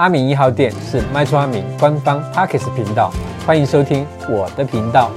阿明一號店是賣厝阿明官方 Podcast 頻道，歡迎收聽我的頻道。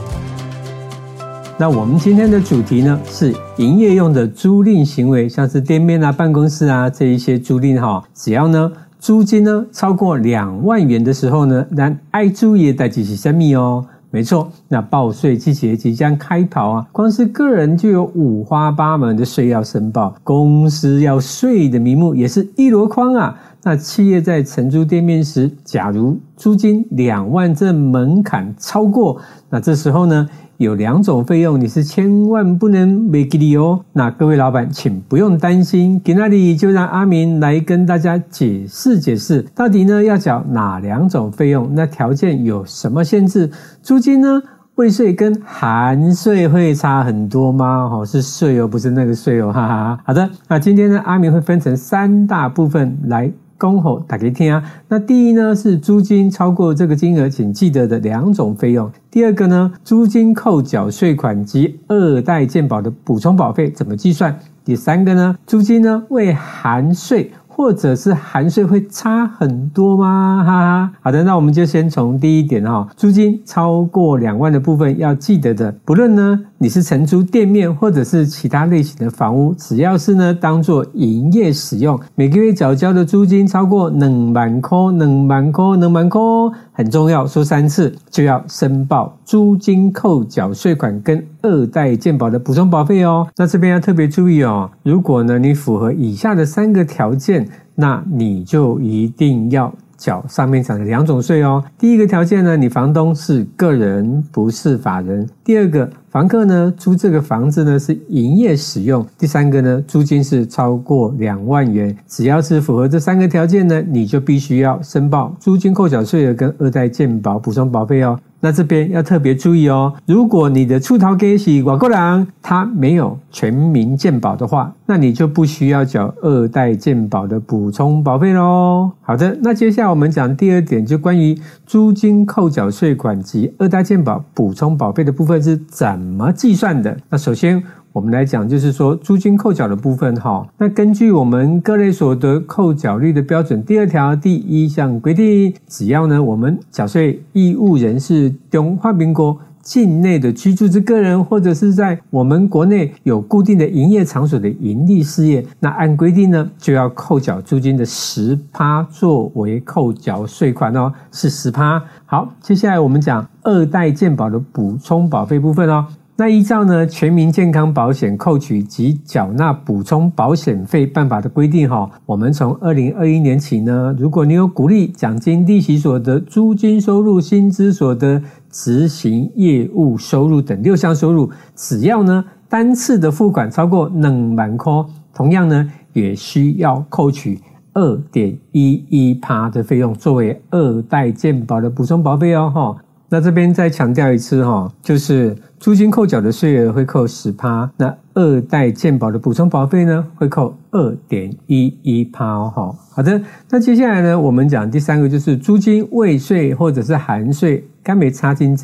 那我們今天的主題呢是營業用的租賃行為，像是店面啊、辦公室啊這一些租賃哈、哦，只要呢租金呢超過兩萬元的時候呢，那愛租也在仔細申密哦。沒錯，那報稅季節即將開跑啊，光是個人就有五花八門的稅要申報，公司要稅的名目也是一籮筐啊。那企業在承租店面時，假如租金兩萬這門檻超過，那這時候呢有兩種費用你是千萬不能忘記哦。那各位老闆，請不用擔心，今天呢就讓阿明來跟大家解釋解釋，到底呢要繳哪兩種費用？那條件有什麼限制？租金呢？未稅跟含稅會差很多嗎？哦，是稅哦，不是那個稅哦，哈哈，哈，哈。好的，那今天呢，阿明會分成三大部分來。通好打給聽啊。那第一呢是租金超過這個金額，請記得的兩種費用。第二個呢，租金扣繳稅款及二代健保的補充保費怎麼計算？第三個呢，租金呢未含稅。或者是含稅會差很多嗎？哈哈，好的，那我們就先從第一點哈，租金超過兩萬的部分要記得的，不論呢你是承租店面或者是其他類型的房屋，只要是呢當做營業使用，每個月繳交的租金超過兩萬塊、兩萬塊、兩萬塊，很重要，說三次，就要申報租金扣繳稅款跟。二代健保的補充保費哦，那這邊要特別注意哦。如果呢你符合以下的三個條件，那你就一定要繳上面講的兩種稅哦。第一個條件呢，你房東是個人，不是法人。第二個。房客呢，租這個房子呢是營業使用。第三個呢，租金是超過兩萬元，只要是符合這三個條件呢，你就必須要申報租金扣繳稅額跟二代健保補充保費哦。那這邊要特別注意哦，如果你的出逃給是外國人，他沒有全民健保的話，那你就不需要繳二代健保的補充保費嘍。好的，那接下來我們講第二點，就關於租金扣繳稅款及二代健保補充保費的部分是怎怎麼計算的？那首先我們來講，就是說租金扣繳的部分哈。那根據我們各類所得扣繳率的標準，第二條第一項規定，只要呢我們繳稅義務人是中華民國。境內的居住之個人，或者是在我們國內有固定的營業場所的營利事業，那按規定呢，就要扣繳租金的十趴作為扣繳稅款哦，是十趴。好，接下來我們講二代健保的補充保費部分哦。那依照呢，全民健康保險扣取及繳納補充保險費辦法的規定哈，我們從二零二一年起呢，如果你有股利、獎金、利息所得、租金收入、薪資所得、執行業務收入等六項收入，只要呢，單次的付款超過兩萬塊，同樣呢也需要扣取二點一一趴的費用作為二代健保的補充保費哦哈。那這邊再強調一次哈，就是租金扣繳的稅額會扣十趴，那二代健保的補充保費呢會扣二點一一趴哦。好的，那接下來呢，我們講第三個就是租金未稅或者是含稅。乾杯，差很多。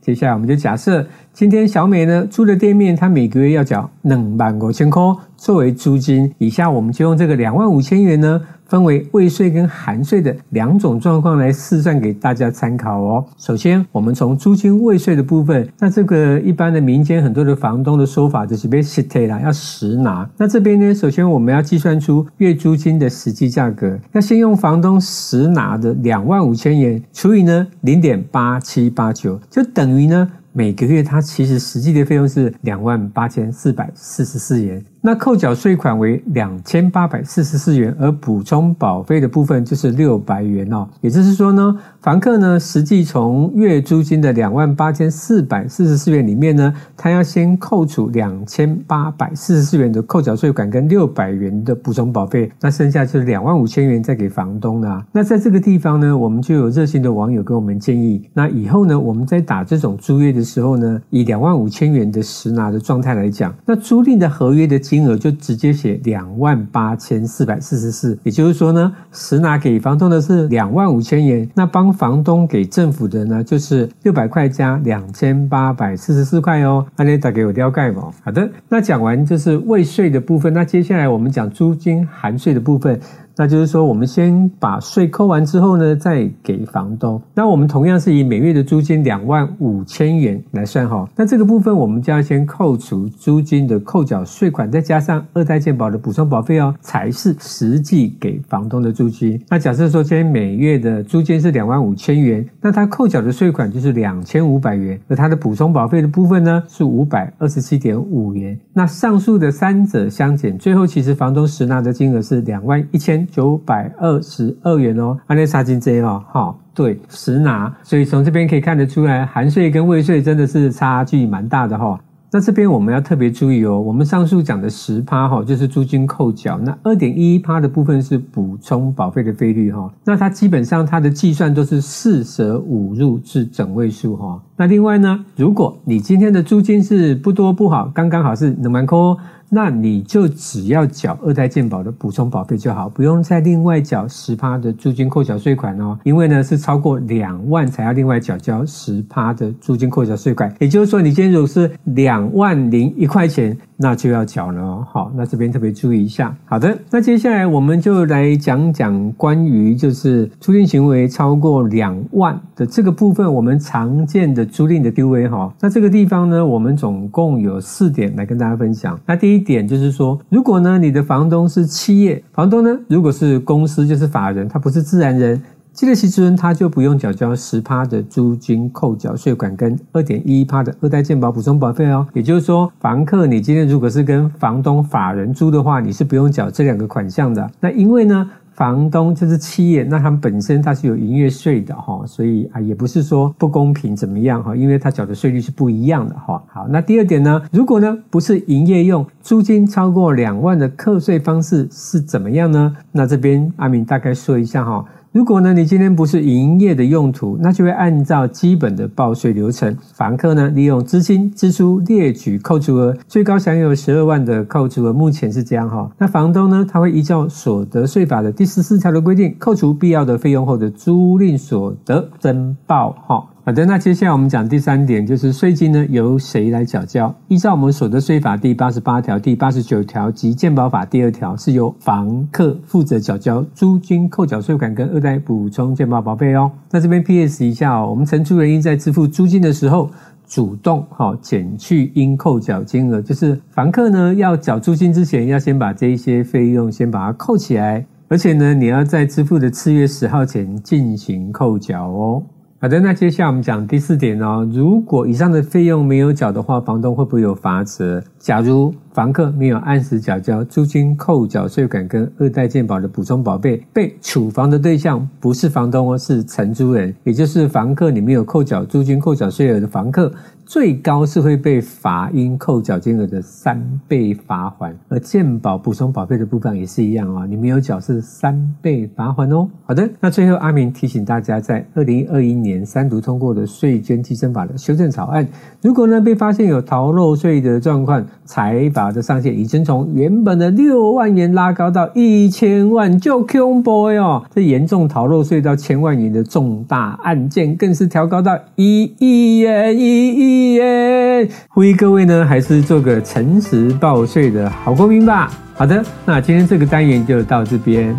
接下來我們就假設，今天小美呢租的店面，她每個月要繳兩萬五千塊作為租金。以下我們就用這個兩萬五千元呢。分為未稅跟含稅的兩種狀況來試算給大家參考哦。首先，我們從租金未稅的部分，那這個一般的民間很多的房東的說法就是被實退啦，要實拿。那這邊呢，首先我們要計算出月租金的實際價格。那先用房東實拿的兩萬五千元除以呢零點八七八九，就等於呢每個月它其實實際的費用是兩萬八千四百四十四元。那扣繳稅款為兩千八百四十四元，而補充保費的部分就是六百元哦。也就是說呢，房客呢實際從月租金的兩萬八千四百四十四元裡面呢，他要先扣除兩千八百四十四元的扣繳稅款跟六百元的補充保費，那剩下就是兩萬五千元再給房東啦、啊。那在這個地方呢，我們就有熱心的網友跟我們建議，那以後呢，我們在打這種租約的時候呢，以兩萬五千元的實拿的狀態來講，那租賃的合約的。金額就直接寫兩萬八千四百四十四，也就是說呢，實拿給房東的是兩萬五千元，那幫房東給政府的呢就是六百塊加兩千八百四十四塊哦。安雷打給我掉蓋嘛。好的，那講完就是未稅的部分，那接下來我們講租金含稅的部分。那就是說，我們先把稅扣完之後呢，再給房東。那我們同樣是以每月的租金兩萬五千元來算哈。那這個部分我們就要先扣除租金的扣繳稅款，再加上二代健保的補充保費哦、喔，才是實際給房東的租金。那假設說，今天每月的租金是兩萬五千元，那他扣繳的稅款就是兩千五百元，而他的補充保費的部分呢是五百二十七點五元。那上述的三者相減，最後其實房東實拿的金額是兩萬一千。九百二十二元哦，按呢差金真哦，好、哦，對，實拿，所以從這邊可以看得出來，含稅跟未稅真的是差距蠻大的哈、哦。那這邊我們要特別注意哦，我們上述講的十趴哈，就是租金扣繳，那二點一一趴的部分是補充保費的費率哈、哦。那它基本上它的計算都是四捨五入至整位數哈、哦。那另外呢，如果你今天的租金是不多不好，剛剛好是兩萬塊。那你就只要繳二代健保的補充保費就好，不用再另外繳十趴的租金扣繳稅款哦。因為呢是超過兩萬才要另外繳交十趴的租金扣繳稅款，也就是說你今天如果是兩萬零一塊錢。那就要繳了哦，好，那這邊特別注意一下。好的，那接下來我們就來講講關於就是租賃行為超過兩萬的這個部分，我們常見的租賃的丟位 a 哈。那這個地方呢，我們總共有四點來跟大家分享。那第一點就是說，如果呢你的房東是企業，房東呢如果是公司就是法人，他不是自然人。記得徐之恩，他就不用繳交十趴的租金扣繳稅款跟二點一一趴的二代健保補充保費哦。也就是說，房客你今天如果是跟房東法人租的話，你是不用繳這兩個款項的。那因為呢？房東就是企業，那他們本身他是有營業稅的哈，所以啊也不是說不公平怎麼樣哈，因為他繳的稅率是不一樣的哈。好，那第二點呢，如果呢不是營業用，租金超過兩萬的課稅方式是怎麼樣呢？那這邊阿明大概說一下哈，如果呢你今天不是營業的用途，那就會按照基本的報稅流程，房客呢利用租金支出列舉扣除額，最高享有十二萬的扣除額，目前是這樣哈。那房東呢他會依照所得稅法的第。十四條的規定，扣除必要的費用後的租賃所得申報。哈，好的，那接下來我們講第三點，就是稅金呢由誰來繳交？依照我們所得稅法第八十八條、第八十九條及健保法第二條，是由房客負責繳交租金扣繳稅款跟二代補充健保保費哦。那這邊 PS 一下哦，我們承租人在支付租金的時候，主動哈減去應扣繳金額，就是房客呢要繳租金之前，要先把這一些費用先把它扣起來。而且呢，你要在支付的次月十號前進行扣繳哦。好的，那接下來我們講第四點哦。如果以上的費用沒有繳的話，房東會不會有罰則？假如房客沒有按時繳交租金扣繳稅款，跟二代健保的補充保費，被處罰的對象不是房東哦，是承租人，也就是房客。你沒有扣繳租金扣繳稅額的房客，最高是會被罰應扣繳金額的三倍罰鍰。而健保補充保費的部分也是一樣哦，你沒有繳是三倍罰鍰哦。好的，那最後阿明提醒大家，在二零二一年三讀通過的稅捐計徵法的修正草案，如果呢，被發現有逃漏稅的狀況，裁罰的上限已經從原本的六萬元拉高到一千萬，就恐怖哦！這嚴重逃漏稅到千萬元的重大案件，更是調高到一億元、一億元。呼籲各位呢，還是做個誠實報稅的好公民吧。好的，那今天這個單元就到這邊。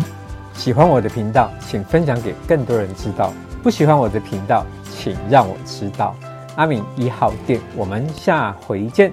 喜歡我的頻道，請分享給更多人知道；不喜歡我的頻道，請讓我知道。阿明一號店，我們下回見。